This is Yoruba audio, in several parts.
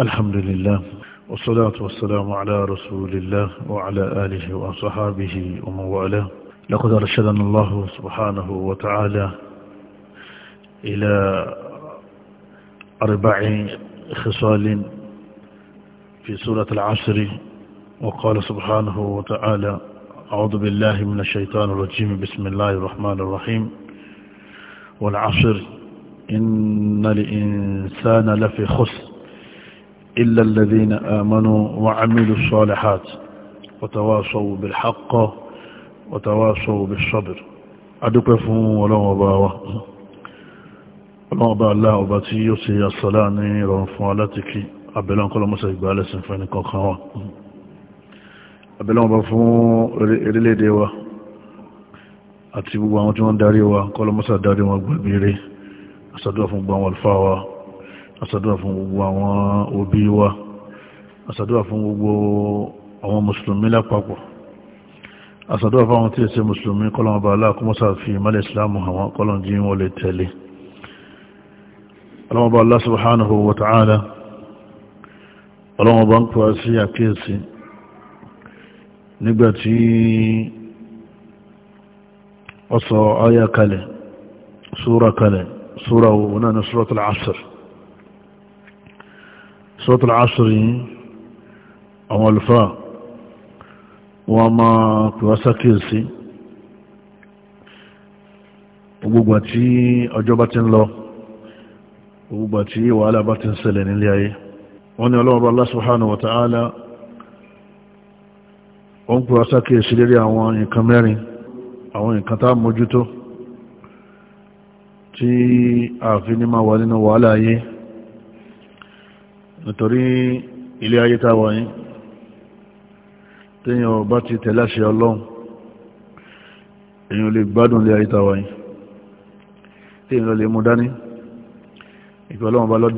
الحمد لله والصلاة والسلام على رسول الله وعلى آله وصحابه ومن والاه لقد رشدنا الله سبحانه وتعالى إلى أربع خصال في سورة العصر وقال سبحانه وتعالى أعوذ بالله من الشيطان الرجيم بسم الله الرحمن الرحيم والعصر إن الإنسان لفي خسر إلا الذين آمنوا وعملوا الصالحات وتواصوا بالحق وتواصوا بالصبر أدوك فهم ولو أباوة ولو أبا الله أباتي يسي الصلاة رنفو علاتك أبلان كل مسيح بالس فإن كان خوا أبلان بفهم إلي ديوة أتبوا وانتوان داريوة كل مسيح داريوة أقبل بيري أصدوا فهم والفاوة asàdúrà fún gbogbo àwọn òbí wa asàdúrà fún gbogbo àwọn mùsùlùmí lápapọ̀ asàdúrà fún àwọn tí ẹ̀sẹ̀ mùsùlùmí kọ́lọ̀n ọba aláàkúmọ́sà fi ìmọ́lẹ̀ ìsìláàmù àwọn kọ́lọ̀n jí wọn lè tẹ̀lé ọlọ́mọba Allah subhanahu wa ta'ala ọlọ́mọba ń pọ̀ suratul asr àwọn àlùfáà wọ́n máa pèwá sákèsí gbogbo àti ọjọ́ bá ti ń lọ gbogbo àti wàhálà bá ti ń ṣẹlẹ̀ nílé ayé wọ́n ní ọlọ́run Allah subhanahu wa ta'ala wọ́n pè wá sákèsí lérí àwọn nǹkan mẹ́rin àwọn nǹkan tá mójútó tí ààfin ní máa wà nínú wàhálà ayé nítorí ilé ayé táwọn yìí téèyàn bá ti tẹ̀láṣẹ ọlọ́run èyàn lè gbádùn ilé ayé táwọn yìí téèyàn lọ lè mú dání ìpẹ́ ọlọ́run bá lọ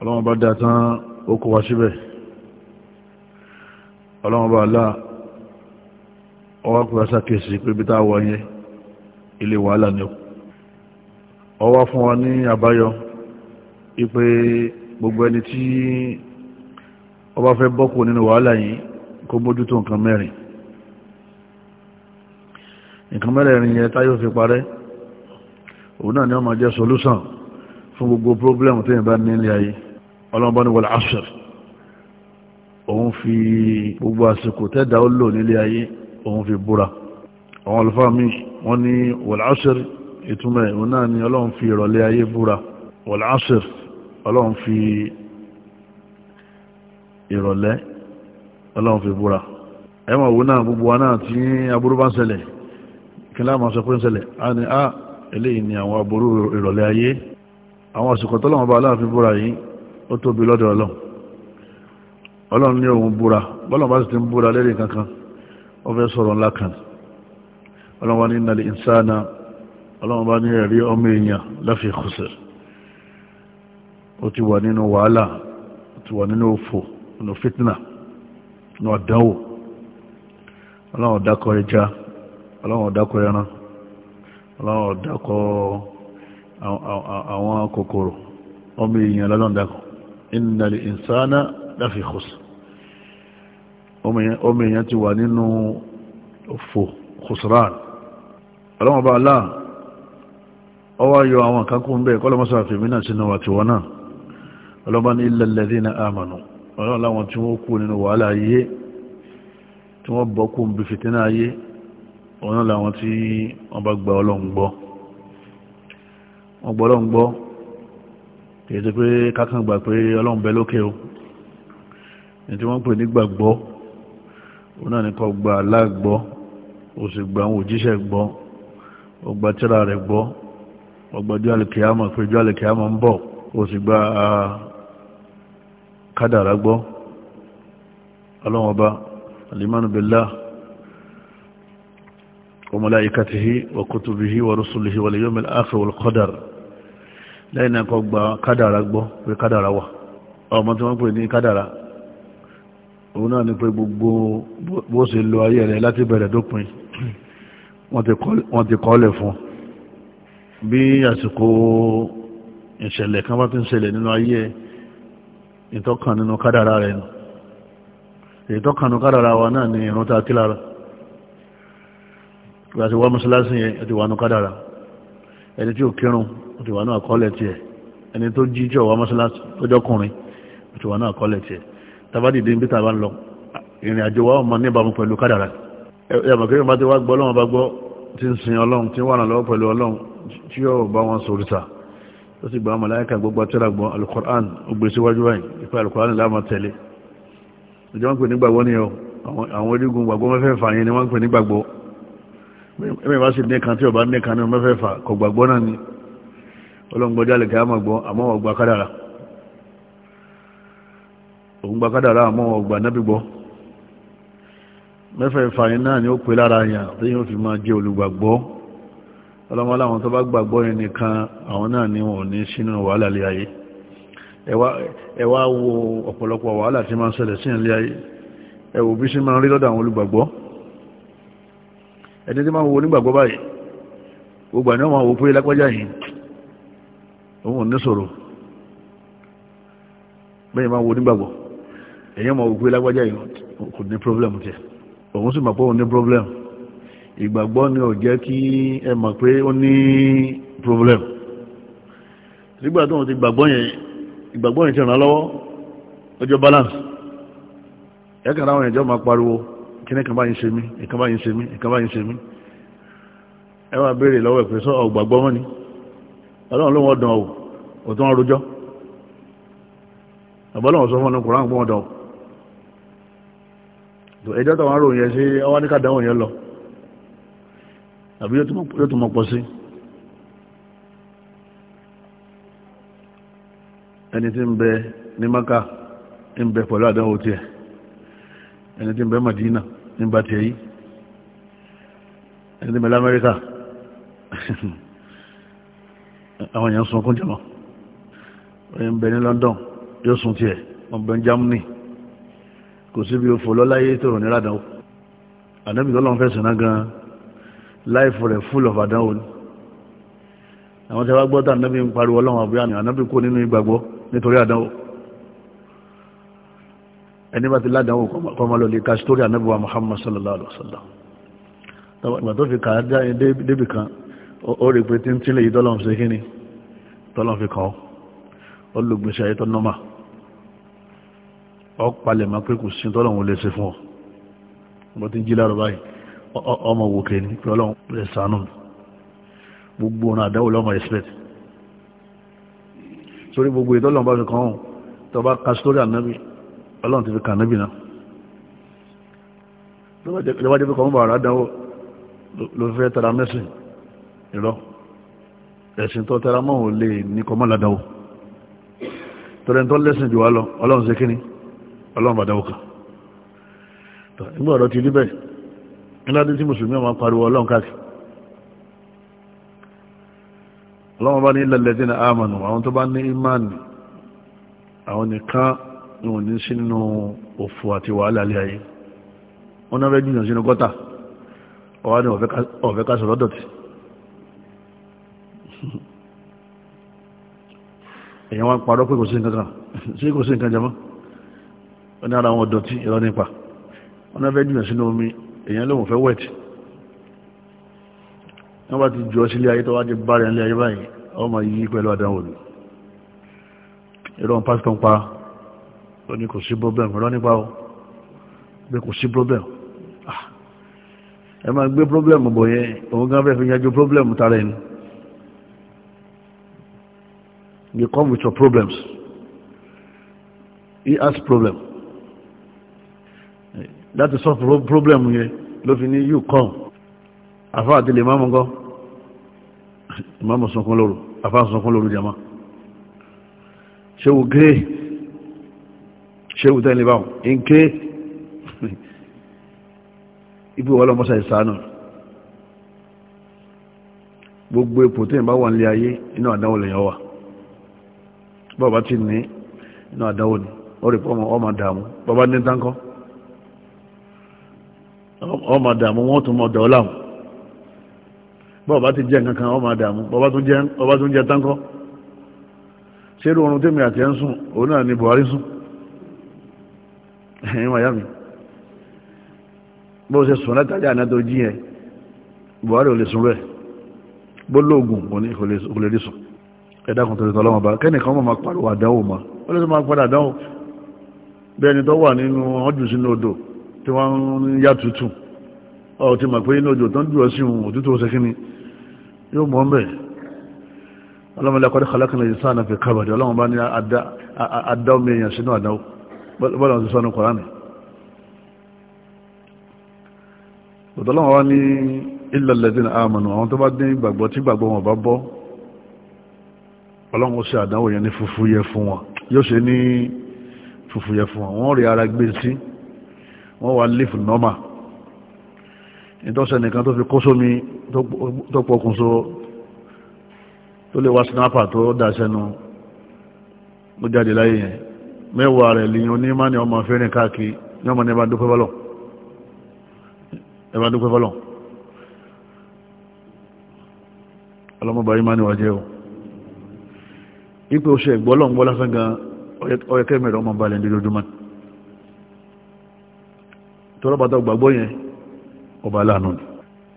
ọlọ́run bá dá tán ó kó wa síbẹ̀ ọlọ́run bá aláà ọwá kúrò sákèsì pé bí táwọn yẹn ilé wàhálà ni ọwá fún wa ní àbáyọ ipe gbogbo ẹni tí ó bá fẹ́ bọ́kù nínú wàhálà yìí kó mójútó nǹkan mẹ́rin nǹkan mẹ́rin yẹn táyọ̀ fi parẹ́ òun náà ni wọ́n máa jẹ́ solúsàn fún gbogbo problem tí yìnbá ní ilé ayé ọlọ́mọba ní wal asr òun fi gbogbo àsìkò tẹ́dà ó lò nílé ayé òun fi búra àwọn àlùfáà mi wọ́n ní wal asr ìtumọ̀ òun náà ni ọlọ́run fi ìrọ̀lẹ́ ayé búra wal asr ọlọ́run fi ìrọ̀lẹ́ ọlọ́run fi búra ẹmọ̀ òun náà gbogbo wa náà tí aburú bá ń ṣẹlẹ̀ kí láàmà sọ pé ń ṣẹlẹ̀ a ni a ah, eléyìí ni àwọn aburú ìrọ̀lẹ́ ayé àwọn àsìkò tọ́lọ́wọ́n bá aláàfin búra yìí ó tóbi lọ́dọ̀ ọlọ́run ọlọ́run ní òun búra bọ́lọ̀ bá sì ti ń búra lẹ́rìn kankan ó fẹ́ sọ̀rọ̀ ńlá kan ọlọ́run bá ní innal insana ọlọ́run bá ní ẹ̀rí ọmọ èèyàn láfi khusr ó ti wà nínú wàhálà ó ti wà nínú òfò nínú fitna nínú àdánwò ọlọ́run ọ̀dákọ̀ ẹja ọlọ́run ọ̀dákọ̀ ẹran ọlọ́run ọ̀dákọ̀ àwọn kòkòrò ọmọ èèyàn lọ́lọ́run dákọ̀ innal insana láfi khusr ọmọ èèyàn ti wà nínú òfò khusran ọlọ́run ọba aláà ọwọ́ ayọ̀ àwọn kan kún bẹ́ẹ̀ kọ́lọ́mọ́sá fèmínà sínú àtiwọ́n náà ọlọ́bán illa alladhina amanu ọlọ́run láwọn tí wọ́n kú nínú wàhálà ayé tí wọ́n bọ́ kú bí fìtínà ayé ọlọ́run láwọn tí wọ́n bá gba ọlọ́run gbọ́ wọ́n gbọ́ ọlọ́run gbọ́ kìí ṣe pé kákan gbà pé ọlọ́run bẹ lókè o ní tí wọ́n pè ní gbàgbọ́ òun náà ní kó gba Allah gbọ́ sì gba àwọn òjíṣẹ́ gbọ́ ó gba tírà rẹ̀ gbọ́ ó gba ọjọ́ àlùkìyàmọ̀ pé ọjọ́ àlùkìyàmọ̀ ń bọ̀ ó sì gba kádàrá gbọ́ ọlọ́run ọba alimanu billah wa malaikatihi wa kutubihi wa rusulihi wal yawmil akhir wal qadar lẹ́yìn náà kọ́ gba kádàrá gbọ́ pé kádàrá wà ọmọ tí wọ́n pè ní kádàrá òun náà ni pé gbogbo bó ṣe lo ayé rẹ̀ láti bẹ̀rẹ̀ dópin wọ́n ti kọ́lẹ̀ fún bí àsìkò ìṣẹ̀lẹ̀ kan bá ti ń ṣẹlẹ̀ nínú ayé rẹ̀ ìtọ́kàn nínú kádàrá rẹ̀ nù ìtọ́kàn nínú kádàrá wa náà ni ìrún ta kí lára ìgbà tí wá mọ́sálásí yẹn ẹ ti wà nù kádàrá ẹni tí ò kírun ó ti wà nù àkọọ́lẹ̀ tiẹ̀ ẹni tó jíjọ wá mọ́sálásí tọ́jọ́kùnrin ó ti wà nù àkọọ́lẹ̀ tiẹ̀ tabadìdí ń bí tàbá ń lọ ìrìn àjò wa ọmọ níbàmú pẹ̀lú kádàrá yàmọ̀ kí wọ́n bá gbọ́ ọlọ́run bá gbọ́ tí ń sin ọlọ́run tí wọ́n wà lọ́wọ́ pẹ̀lú ọlọ́run tí yóò bá wọn sòrìṣà tó sì gba màláíkà gbogbo tíra gbọ́n alukur'an ogbè síwájú wáyé ipa alukur'an láàmà tẹ̀lé ìjọ wọn pè ní gbàgbọ́ ni ọ àwọn orígun gbàgbọ́ mẹ́fẹ́ fà yẹn ni wọ́n pè ní gbàgbọ́ ẹ̀mẹ́ bá sì nìkan tí ọba nìkan ní mẹ́fẹ́ fà kọ gbàgbọ́ náà ni ọlọ́ngbọ́dá lè káyà máa gbọ́ àmọ́ ọgbà kádàrà òun gba kádàrà àmọ́ ọgbà nábì ni ó pè lára yàn tí ọlọ́mọlá àwọn tó bá gbàgbọ́ yẹn àwọn náà ni wọn ò ní sínú wàhálà lé ayé ẹ wá wo ọ̀pọ̀lọpọ̀ wàhálà tí máa ń ṣẹlẹ̀ sí ilé ayé ẹ wò bí sí máa rí lọ́dọ̀ àwọn olùgbàgbọ́ ẹni tí máa wo onígbàgbọ́ báyìí gbogbo ní sọ̀rọ̀ problem tiẹ̀ òun sì problem ìgbàgbọ́ ni ò jẹ́ kí ẹ mọ̀ pé ó ní problem nígbà tó wọn ti gbàgbọ́ yẹn ìgbàgbọ́ yẹn ti ràn lọ́wọ́ ọjọ́ balance ẹ̀kan láwọn ìjọ máa pariwo kí ní kan báyìí ṣe mí ìkan báyìí ṣe mí ìkan báyìí ṣe mí ẹ wá béèrè lọ́wọ́ ẹ̀ pé sọ ọ̀gbàgbọ́ mọ́ ni ọlọ́run ló wọ́n dàn ọ́ òtún wọn rojọ́ àbọ́lọ́wọ́ sọ fún ọ̀nà kùrán pọ́n dàn ọ́ ẹjọ́ táwọn aróyìn yẹn sí ọwọ́ ní ká yẹn lọ àbí yóò tún mọ́ pọ̀ sí ẹni tí ń bẹ ní maka ń bẹ pẹ̀lú àdánwò tiẹ̀ ẹni tí ń bẹ Madina ń bá tiẹ̀ yìí ẹni tí ń bẹ lamẹ́ríkà àwọn èèyàn sunkún jọmọ́ ń bẹ ní London yóò sun tiẹ̀ ọ̀bẹ̀ Germany kò síbi òfò lọ́láyé tó rò ní ládàá ànábì tó fẹ́ sìn gan-an láìfò rẹ̀ full of àdánwò ni àwọn tí wọ́n gbọ́ tà nábì ń pariwo ọlọ́run àbúyá ni ànábì kó nínú ìgbàgbọ́ nítorí àdánwò ẹni bá ti ládánwò kọmọlọ lè ka sítórí ànábì wa Muhammad sallallahu alaihi wasallam ìgbà tó fi kà á débì kan ó rí pé tí ń tílé yìí tọ́lọ́run ṣe kí ni tọ́lọ́run fi kàn ó lùgbèsè ayé tó nọ́mà ọ palẹ̀ máa pé kò sí tọ́lọ́run lè ṣe fún ọ bó ti ń jí lárọ̀ báyìí ọmọ òwòkè ní ọlọ́run rẹ̀ sànù gbogbo ọ̀nà àdáwò lọ́mọ respect sórí gbogbo ìtọ́lọ́run bá fi kàn án tó bá ka sórí ànábì ọlọ́run ti fi kàn ànábì náà lọ́wọ́ jẹ́ pé kọ́ mọ́ bàrà àdáwò ló fẹ́ tara mẹ́sìn ìrọ́ ẹ̀sìn tó tara mọ́ ò lè ní kọ́ mọ́ làdáwò tọ́lẹ̀ tó lẹ́sìn jù wá lọ ọlọ́run ṣe kíni ọlọ́run bàdáwò kan nígbà ọ̀rọ̀ ti rí bẹ́ẹ̀ ńládé tí mùsùlùmí ọmọ pariwo ọlọ́run káàkiri ọlọ́run bá ní lẹ́lẹ́dẹ́ ní àmànù àwọn tó bá ní ìmáàni àwọn nìkan ni wọ́n ní sínú òfò àti wàhálà alẹ́ ayé wọ́n náà fẹ́ jìyàn sínú gọ́tà ọwá ní ọ̀fẹ́ ká sọ̀rọ̀ dọ̀tí èyàn wá parọ́ pé kò sí nǹkan kan wọ́n ní ara wọn dọ̀tí ìrọ́ nípa wọ́n náà fẹ́ jìyàn sínú omi èyàn lóhun fẹ́ wẹ̀tì wọ́n bá ti jọ sílé ayé tó wá jẹ bá rẹ̀ nílé ayé báyìí ọmọ yìí pẹ̀lú àdánwò ni ìrọ̀n pásítọ̀ ń pa ó ní kò sí problem ìrọ̀n nípa ó pé kò sí problem ah, ẹ máa gbé problem bọ̀ yẹn òun gan fẹ́ fi yanjú problem tara ẹni you come with your problems he has problems láti solve problem yẹn ló fi ní you come afá àti lè máàmù gan ìmáàmù sunkún lóru afá sunkún lóru jama ṣéwù gé ṣéwù tẹ́lẹ̀ báwọn in ké ibi wọ́n lọ́mọ́sá ìsànà gbogbo ipò tí ìbá wà nílé ayé inú àdánwò lèyàn wà bọ́ọ̀bá ti ní inú àdánwò ni ó rí pọ́ ọmọ ọmọ dààmú bọ́ọ̀bá ní táǹkọ́ ọmọ dààmú wọn tún mọ dọ̀ láwọn bọ́ọ̀ bá ti jẹ́ nǹkan kan ọmọ dààmú bọ́ọ̀ bá tún jẹ́ táńkọ́ ṣé irú oorun tèmi àti ẹ̀ ń sùn òun náà ni Buhari sùn ẹ̀yìn miami bó ṣe sùn látàrí àná tó jí yẹn Buhari ò lè sùn rẹ̀ bó lóògùn kò ní kò lè rí sùn ẹ̀dàkùn tó lè tọ́lọ́mọ̀ bá kẹ́nìkan mọ̀ máa pariwo àdánwò ma ó lè tó máa padà àdánwò bí ẹni tó wà nínú ọdún sínú odò tí wọ́n ń yá tuntun ọ ti mọ̀ pé inú òjò tó ń dúró sí òun òtútù ó sẹ́kíní yóò mọ́ mẹ́ ọlọ́mọdé akọ́dé kọlákìnlẹ̀ yìí sáà náà fi kábàdì ọlọ́mọ bá ní adá omi èèyàn sínú àdáwó bọ́lá ti sọ́nu kọ̀ránì ọ̀tọ́lọ́mọ wá ní illa alladhina amanu àwọn tó bá dín gbàgbọ́ tí gbàgbọ́ wọn bá bọ́ ọlọ́mọ sí àdáwó yẹn ní fufu yẹ fún wọn yóò ṣe ní fufu yẹ fún wọn wọ́n rí ara gbé sí wọ́n wá lífù nọ́mà ìtọ́sẹ̀ nìkan tó fi kó sómi tó pọkùn so tó lè wá sinapa tó dáṣẹ́nu ó jáde láyé yẹn mẹ́wàá rẹ̀ lèyàn ní má ní ọmọ fẹ́rin káàkiri ní ọmọ ní ẹbá dúpẹ́ fọ́lọ̀ ẹbá ọlọ́mọba yìí má ní wàjẹ́ o ipò oṣù ẹ̀gbọ́lọ̀ ń gbọ́ gbàgbọ́ yẹn ọba aláàánú ni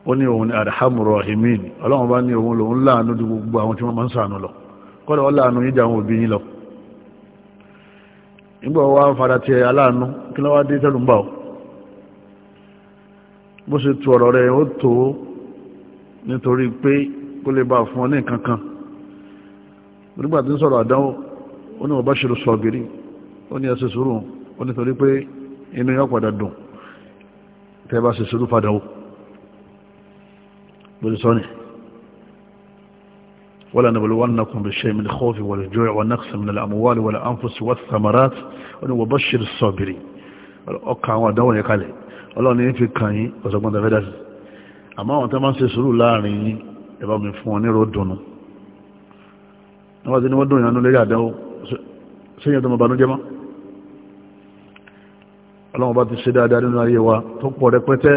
ó ní òun ni arhamu rahimin ọlọ́run bá ní òun lòun láàánú ju gbogbo àwọn tí wọ́n máa ń lọ kọ́dọ̀ wọ́n láàánú yíjà àwọn òbí yín lọ nígbà wá fara ti aláàánú kí ló wá dé tẹ́lù ń bà bó ṣe tu ọ̀rọ̀ rẹ̀ ó tó nítorí pé kó lè bá fún ọ ní nǹkan kan nígbà tí ń sọ̀rọ̀ àdánwò ó ní ọba ṣe lọ tẹ́bá ṣe ṣorú padà ó bẹ̀rẹ̀ sọ́nì wọ́la na bẹ̀rẹ̀ wọ́n kùn bí ṣe min kọfí wà lè jọ́ẹ̀ wọ́n náà min al'amuwali wà l'amfusi wà samarat wọ́n wọ́n bá ṣe sọ́bìrì ọkà àwọn àdánwò yẹ kalẹ̀ ọlọ́ni ń fi kàn yín ọ̀sọ̀gbọ́n ọlọ́run bá ti ṣe dáadáa nínú ayé wa tó pọ̀ rẹpẹtẹ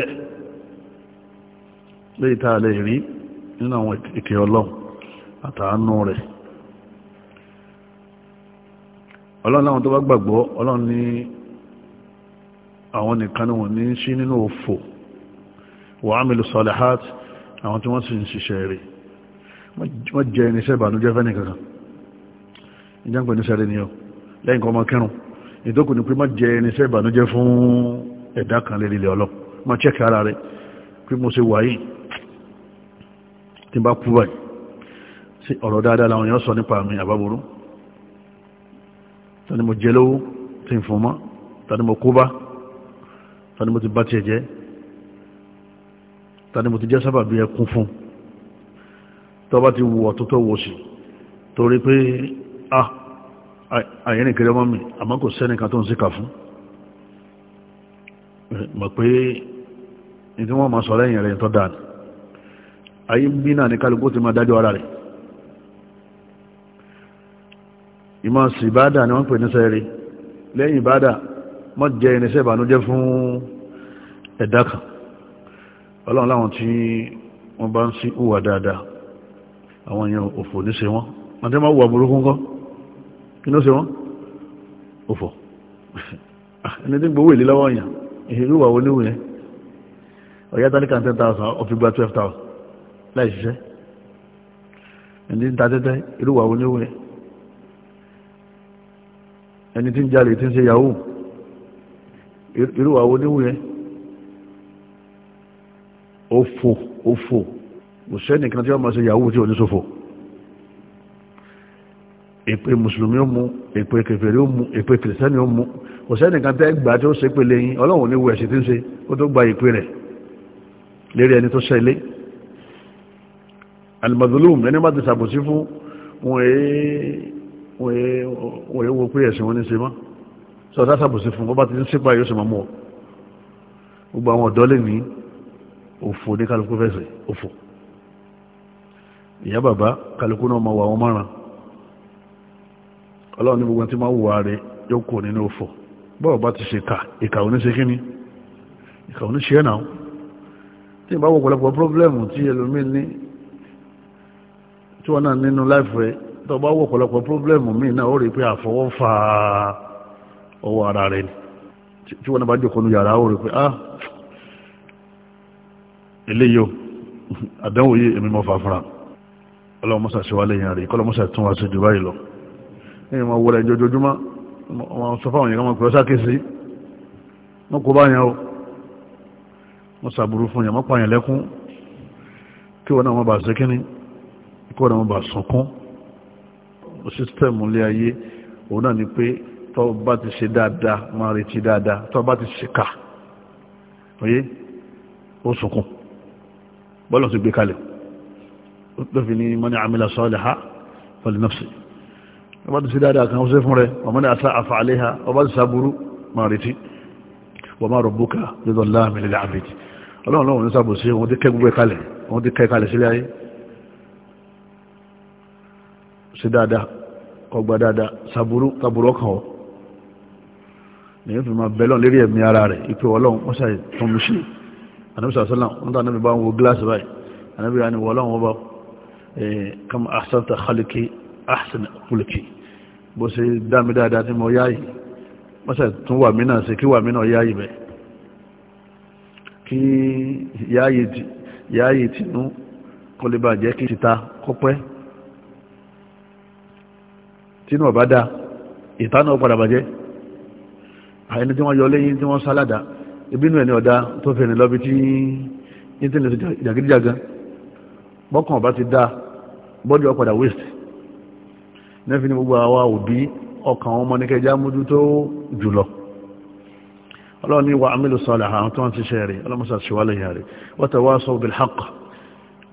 lè ta lè rí nínú àwọn ìkẹ́ ọlọ́run àtàánú rẹ̀ ọlọ́run láwọn tó bá gbàgbọ́ ọlọ́run ní àwọn nìkan ni wọ́n ní sí nínú òfò wà ámìlú salihat àwọn tí wọ́n sì ń ṣiṣẹ́ rẹ̀ wọ́n jẹ́ irinṣẹ́ ìbànújẹ́ fẹ́ nìkan ìjọ́ ń pè ní sẹ́rẹ̀ ni ọ lẹ́yìn kan ọmọ kẹrùn-ún ìdókù ni pé má jẹ irinṣẹ́ ìbànújẹ́ fún ẹ̀dá kan lérí ilẹ̀ ọlọ́ má chẹ́kì ara rẹ̀ pé mo ṣe wà yìí tí bá kú báyìí sí ọ̀rọ̀ dáadáa làwọn èèyàn sọ nípa mi àbábúrú tani mo jẹ lówó tí n fún mọ́ tani mo kó bá tani mo ti bá tiẹ̀ jẹ́ tani mo ti jẹ́ sábàbí ẹkún fún tọ́ bá ti wù ọ̀tútọ́ wò sí torí pé ah àyẹ́nì kiri ọmọ mi àmọ́ kò sẹ́ni kan tó ń síkà fún mọ̀ pé ní tí wọ́n máa sọ lẹ́yìn rẹ̀ tó dáa ayé bí náà ní kálukú ti máa dájọ́ ara rẹ̀ ìmọ̀ sí ìbádà ni wọ́n pè ní sẹ́ẹ̀rẹ̀ lẹ́yìn ìbádà mọ́ jẹ irinṣẹ́ ìbànújẹ́ fún ẹ̀dá kan ọlọ́run láwọn tí wọ́n bá ń sí hùwà dáadáa àwọn èèyàn òfò níṣe wọn wọ́n tẹ́ burúkú kan kí ló ṣe wọ́n òfò ẹni tí gbowó èlé lọ́wọ́ yàn ìṣèlú yẹn ọ̀yá tán ní kan thousand ọ̀fi gba twelve thousand láì ṣiṣẹ́ ẹni tí ń ta tẹ́tẹ́ ìlú wà wọlé wù yẹn ẹni tí ń jalè tí ń ṣe yahoo irú àwọn oníwò yẹn òfò òfò òṣèlú nìkan tí wọ́n máa ṣe yahoo tí ò ní ṣòfò èpè mùsùlùmí ó mú èpè kèfèrí ó mú èpè kìrìsẹ́nì ó mú kò sẹ́nìkan tẹ́ gbà tí ó ṣe pé lẹ́yìn ọlọ́run ní wo ẹ̀sìn tí ń ṣe ó tó gba èpè rẹ̀ lérí ẹni tó ṣẹlé alimadulum ẹni má ti ṣàbòsí fún wọn èé wo pé ẹ̀sìn wọn ní ṣe mọ́ sọ ọ̀tá ṣàbòsí fún bọ́bá ti ń ṣípa yóò ṣe mọ́ mọ́ gbogbo àwọn ọ̀dọ́ lè ní òfò ní kálukú fẹ́sẹ̀ òfò ìyá bàbá kálukú náà máa wà wọn márùn-ún ọlọ́run ní gbogbo tí máa wùwà rẹ̀ yóò kò nínú òfò bọ́ọ̀ bá ti ṣe kà ìkà oníṣe kíní ìkà oníṣe ẹ̀nà tí ìbá wọ̀ pọ̀lọpọ̀ pọ́blẹ́mù tí ẹlòmí ní tí wọ́n náà nínú láìfẹ́ tó bá wọ̀ pọ̀lọpọ̀ pọ́blẹ́mù míì náà ó rí pé àfọwọ́ fa ọwọ́ ara rẹ̀ ni tí wọ́n náà bá jòkó nu yàrá ó rí pé ah eléyò àdánwò yìí èmi mọ́ fà fúnra ọlọ́mọ́sà ṣe wá lẹ́yìn rẹ̀ kọ́lọ́mọ́sà tún wá sí jù lọ ẹ̀yìn ma wọlé jọjọjúmọ́ wọn sọ fáwọn yẹn wọn pè ọ́ sákèsí wọn kò bá yẹn o wọn sàbúrú fún yẹn wọn pa yẹn lẹ́kún kí wọn náà wọn bá sẹ́kínní kí wọn náà wọn bá sọkún sísítẹ́ẹ̀mù ilé ayé òun náà ni pé tó bá ti ṣe dáadáa máa retí dáadáa tó bá ti ṣe kà oyé ó sọkún bọ́lọ̀ ti gbé kalẹ̀ lọ́fi ní mọ́ni àmìlà sọ́ọ́lẹ̀ ha pẹ̀lú náà ọba ti sí dáadáa kan ṣe fún rẹ ọmọ ní àṣà àfààléhà ọba ti sàbúrú ma retí wọ́n máa rọ̀bùkà lọ́dọ̀ láàmìlẹ̀ àbìtì ọlọ́run lọ́wọ́n ní sàbò sí wọ́n ti kẹ́ gbogbo ẹ̀kalẹ̀ wọ́n ti kẹ́ ẹ̀kalẹ̀ sílé ayé sí dáadáa ọgbà dáadáa sàbúrú tàbúrú ọkàn ọ nìyẹn fi máa bẹ́lọ̀ lérí ẹ̀mí ara rẹ̀ ìpè ọlọ́run wọ́n ṣàì tún mi ṣe ànábì sàṣẹ́lá wọ́n tà nábì bá ń wo gíláàsì báyìí ànábì wọ́n ọlọ́run wọ́n bá eh, kama ahsanta khaliki ahsan kuliki bó ṣe dámi dáadáa tí mo yáyì mọ́sẹ̀ tún wà mí náà ṣe kí wà mí náà yáyì bẹ̀ kí yáyì tìnú kó lè bà jẹ́ kí títa kọ́pẹ́ tínú ọ̀bá dáa ìtànà ọ̀padà bàjẹ́ àyẹni tí wọ́n yọ lẹ́yìn tí wọ́n sálàdà ìbínú ẹni ọ̀dá tó fẹ́ ní lọ́bí tí íńtẹ́nẹ̀tì jàgídíjàgan bọ́kàn ọ̀bá ti dáa bọ́dí ọ̀padà waste nẹ́fì ní gbogbo àwa òbí ọkàn ọmọ ní kẹjá mójú tó jùlọ ọlọ́run wa amílù sọ́lẹ̀ àwọn tó wọ́n ti ṣe rẹ̀ ọlọ́mọsà ṣíwálẹ̀ yà rẹ̀ watawasaw bil haqq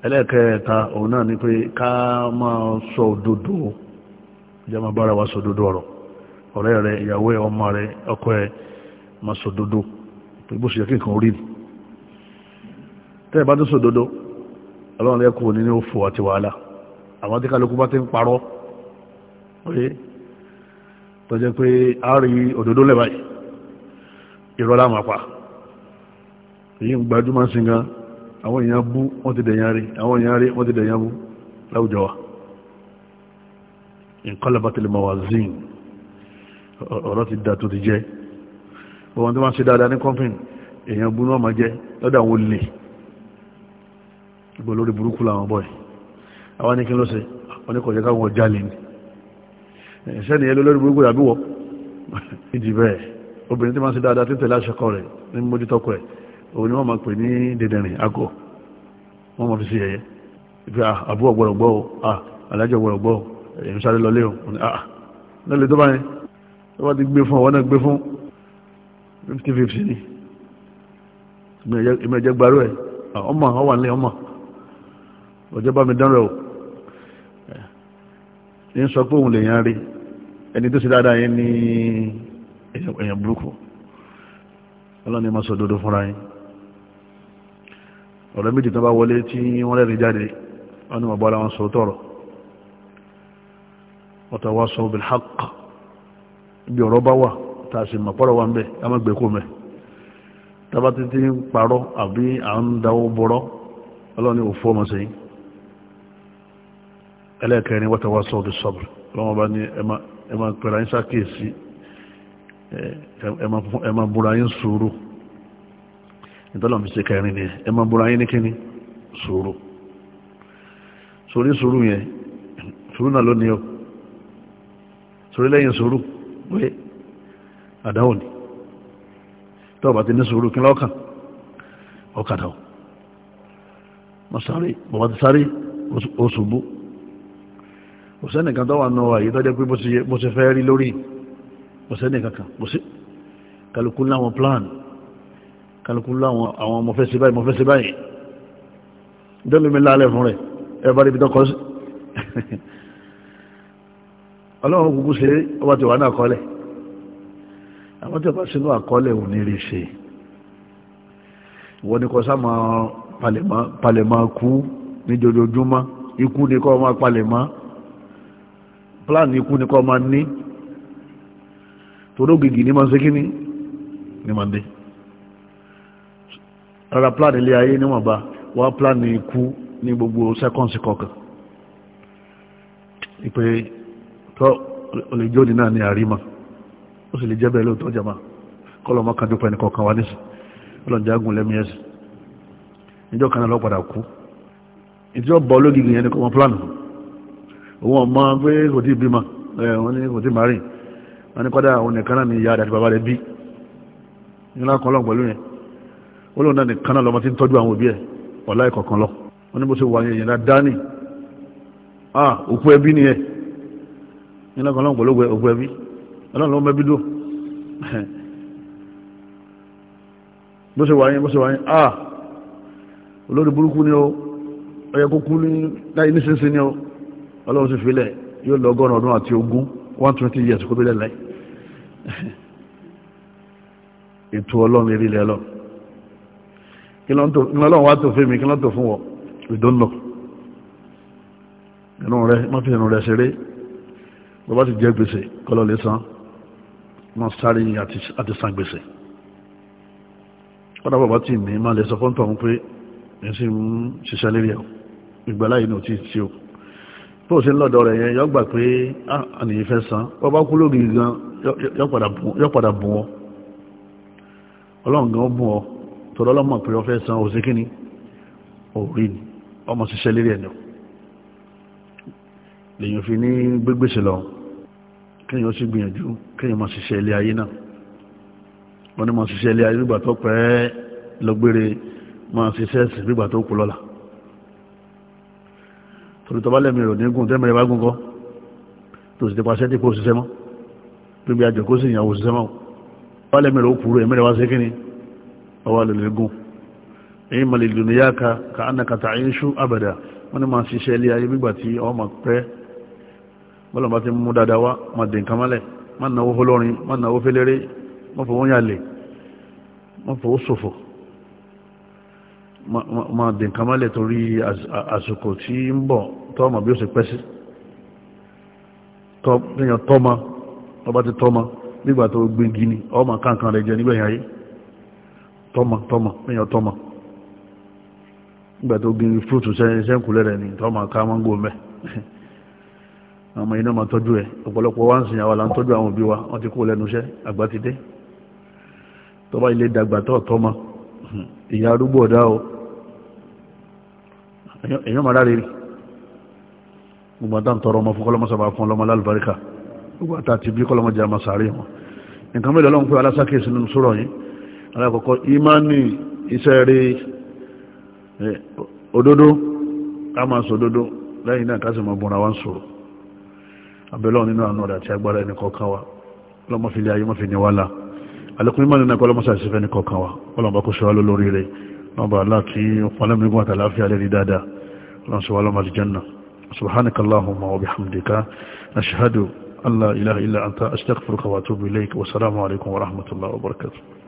ẹlẹ́ẹ̀kẹta òun náà ni pé ká máa sọ òdodo jama bára wa sọ òdodo ọ̀rọ̀ ọ̀rẹ́ rẹ̀ ìyàwó ẹ̀ ọmọ rẹ̀ ọkọ ẹ̀ máa sọ òdodo pé bó ṣe yẹ kí nǹkan orí ni tẹ́ ẹ̀ bá tó sọ òdodo ọlọ́run lẹ́kùn òní ní ó fò àti wàhálà àwọn tí kálukú bá ti ń parọ́ oye tọ́jẹ́ pé a rí òdòdó lẹ́bàáyì ìrọ́lá máa pa èyí ń gbajúmọ̀ sí gan àwọn èèyàn bú wọ́n ti dẹ̀yàn rí àwọn èèyàn rí wọ́n ti dẹ̀yàn bú láwùjọ wa inqalabatil mawazin ọ̀rọ̀ ti dà tó ti jẹ́ wọ́n tó máa ṣe dáadáa ní kọ́fìn èèyàn bú náà máa jẹ́ lọ́dọ̀ àwọn olè gbọ́ lórí burúkú làwọn bọ́ẹ̀ àwọn ní kí ló ṣe wọ́n ní kọ̀jẹ́ káwọn jalè ni sẹ́ni ẹlú lórí gbogbo àbíwọ ìdì bẹ́ẹ̀ obìnrin tí ma ń ṣe dáadáa tí ń tẹ̀lé aṣọkọ rẹ̀ ní mójútọ́kọ ẹ̀ òun ni wọ́n ma pè ní dẹ̀dẹ̀rìn agọ́ wọ́n ma fi sí ẹ̀yẹ ìfẹ́ àbúrò gbọ́rọ̀gbọ́ o alájọ gbọ́rọ̀gbọ́ o èyí sáré lọlé o lọ́lẹ̀ tó bá yẹn tó bá ti gbé fún ọwọ́ náà gbé fún 50-50 ni ìmọ̀ ẹ̀jẹ̀ gbarú ẹ̀ ọmọ ọwà nílé ọmọ ọjọ́ bá mi dánrẹ̀ o ń sọ pé òun lè yán rí ẹni tó sì dáadáa yẹn ní èèyàn burúkú ọlọ́ni ma sọ dodo fúnra yín ọ̀rọ̀ méjì tó bá wọlé tí wọ́n rẹ̀rìn jáde wọ́n ni mọ̀bọ́lá wọn sọ tọ́rọ̀ ọ̀tọ̀ wá sọ bil haqq bí ọ̀rọ̀ bá wà ta sì mọ̀ pọ́rọ̀ wà ń bẹ̀ ká má gbẹ̀kú mẹ́ tábà títí ń parọ́ àbí à ń dáwó bọ́rọ́ ọlọ́ni òfó ọmọ sẹ́yìn ẹlẹ́ẹ̀kẹrin wọ́ta wá sọ́ọ̀dù sọ́bùrù lọ́wọ́ bá ní ẹmà pẹ̀lá ń sàkíyèsí ẹmà búra yín sùúrù ìtọ́lọ̀ fi ṣe kẹrin ni ẹmà búra yín ní kíní sùúrù sórí sùúrù yẹn sùúrù náà lónìí o sórí lẹ́yìn sùúrù pé àdáwò ni tó bá ti ní sùúrù kí lọ́kàn ọkàdà ọ̀ mọ̀ sáré bọ̀wá ti sáré oṣù bú kò sẹ́nìkan tó wà náà wà yìí tó jẹ́ pé bó ṣe fẹ́ rí lórí kò sẹ́nìkan kan kò sí kálukú láwọn plan kálukú láwọn àwọn mọ̀fẹ́sí báyìí mọ̀fẹ́sí báyìí dẹ́lùmí lálẹ́ fún rẹ̀ ẹbá rí bitọ́ kọ́ sí ọlọ́run kúkú ṣe ọba tí wà náà kọ́lẹ̀ àwọn tí ó bá sínú àkọọ́lẹ̀ ò ní rí ṣe ìwọ ni kọ sáà máa palẹ̀mọ́ kú ní jojoojúmọ́ ikú ni kọ́ máa palẹ̀mọ́ plan ikú ní kọ́ máa ní torógìgì ní máa ń ṣe kí ní ní máa dé rárá plan ilé ayé níwọ̀nba wá plan ikú ní gbogbo sẹ́kọ́ǹsì kọ̀ọ̀kan ìpè tó olèjó ní náà ní àríma ó sì lè jẹ́ bẹ́ẹ̀ lóòótọ́ jama kọ́lọ̀ mọ́ kan dúpẹ́ ní wá nísìn ọlọ́njágùn lẹ́mí ẹ̀sìn òun ọmọ pé kò tí bímọ wọ́n ní kò tí márìn wọ́n ní kọ́dá òun nìkan náà ni ìyá àti bàbá rẹ̀ bí nílá kan lọ́n pẹ̀lú yẹn ó lóun náà nìkan náà lọ́mọ tí ń tọ́jú àwọn òbí ẹ̀ ọ̀la ìkọ̀kan lọ wọ́n ní bó ṣe wà yẹn yẹn dáadáa ní ah òkú ẹbí ni ẹ nílá kan lọ́n pẹ̀lú òkú ẹbí ọlọ́run ló mẹ́bí dò bó ṣe wà yẹn bó ṣe wà yẹn ah olórí burúkú ni ó ẹ̀yẹ kó kú ní ọlọ́run sì filẹ̀ yóò lọ ọgọ́rùn ọdún àti ogún one twenty years kó tó lẹ̀ láì ètò ọlọ́run lérí ilẹ̀ ọlọ́run kí lọ́lọ́run wá tó fún mi kí lọ́n tó fún wọ ìdónà ẹnu rẹ má fi ẹnu rẹ ṣeré bó bá ti jẹ gbèsè kọ́lọ́ lè san má sáré àti san gbèsè kọ́dà bàbá tì ní má lè sọ fọ́ńtọ̀ ọ̀hún pé èsì ń ṣiṣẹ́ lérí ẹ̀ ìgbàláyé ní ò tí ì o tó ṣe lọ́dọ̀ rẹ̀ yẹn yọ́ gbà pé àníyí ah, fẹ́ san wọ́n bá kú lórí gan yọ́ padà bùn ọ́ ọlọ́run gan bùn ọ́ tọ́lọ́ lọ́mọ pé ọfẹ́ san òsì kíní òrí ni ọmọ ṣiṣẹ́ lérí ẹ̀nà lèyàn fi ní gbégbèsè lọ kéèyàn sì gbìyànjú kéèyàn máa ṣiṣẹ́ ilé ayé náà wọ́n ní máa ṣiṣẹ́ ilé ayé nígbà tó pẹ́ lọ́gbére máa ṣiṣẹ́ sí nígbà tó kú lọ́la torí tọba lẹ́mí rò ní gùn tẹ́mẹ̀rẹ̀ bá gùn kọ́ tó sì ti pàṣẹ dípò òṣìṣẹ́ mọ́ níbi àjọkó sì ìyàwó òṣìṣẹ́ mọ́ wà lẹ́mí rò kúrò ẹ̀mẹ́rẹ̀ wá sí kíni ọwà lè gùn èyí malè dùnìyà ka ka anakata àyínṣú abàdà wọ́n ni máa ṣiṣẹ́ ilé ayé nígbà tí ọ ma pẹ́ bọ́lá bá ti mú dáadáa wá ma dè nǹkan mọ́lẹ̀ má náwó fọlọ́rin má náwó fẹ́lẹ́rẹ́ má fọwọ́ yàlẹ̀ má fọwọ́ ṣòfò ma dín kan mọ́lẹ̀ torí àsìkò tí ń bọ̀ tọ́mọ bí ó sì pẹ́ sí tọma ọba ti tọ́mọ nígbà tó gbé gini ọmọ kankan rẹ̀ jẹ nígbẹ̀yìn ayé tọ́mọ tọ́mọ níyàn tọ́mọ nígbà tó gbé fúrútù sẹ́ńkùlẹ̀ rẹ̀ ni tọ́mọ ká mọ́ ń gbò mẹ́ àwọn iná máa tọ́jú ẹ̀ ọ̀pọ̀lọpọ̀ wá ń sìn àwọn àwọn òbí wa wọ́n ti kó èyàn máa láre rí gbogbo àtà ń tọrọ ọmọ fún kọlọmọ sábà fún ọlọmọ lálùbáríkà gbogbo àtà ti bí kọlọmọ jẹ àmà sàárè wọn nǹkan mẹ́lẹ̀ ọlọ́run pé alásákè sínú sọ̀rọ̀ yìí alákọ̀ọ́kọ́ ìmánì iṣẹ́ rí òdodo ká máa sọ òdodo lẹ́yìn náà ká sì máa ń sọ̀rọ̀ abẹ́lọ́ nínú àánú rẹ̀ àti agbára ẹni kọ̀ọ̀kan wa lọ́mọ fi lé ayé mọ́ fi ní wá lá alẹ́kùn ìmánì náà kọ́lọ́mọ sàṣẹ́fẹ́ ní kọ̀ọ̀kan wa ọlọ́mọ kò ṣe wá lórí rẹ̀ نبأ الله تي فلم يبغى تلافي على الله سؤال ما الجنة سبحانك اللهم وبحمدك أشهد أن لا إله إلا أنت أستغفرك وأتوب إليك والسلام عليكم ورحمة الله وبركاته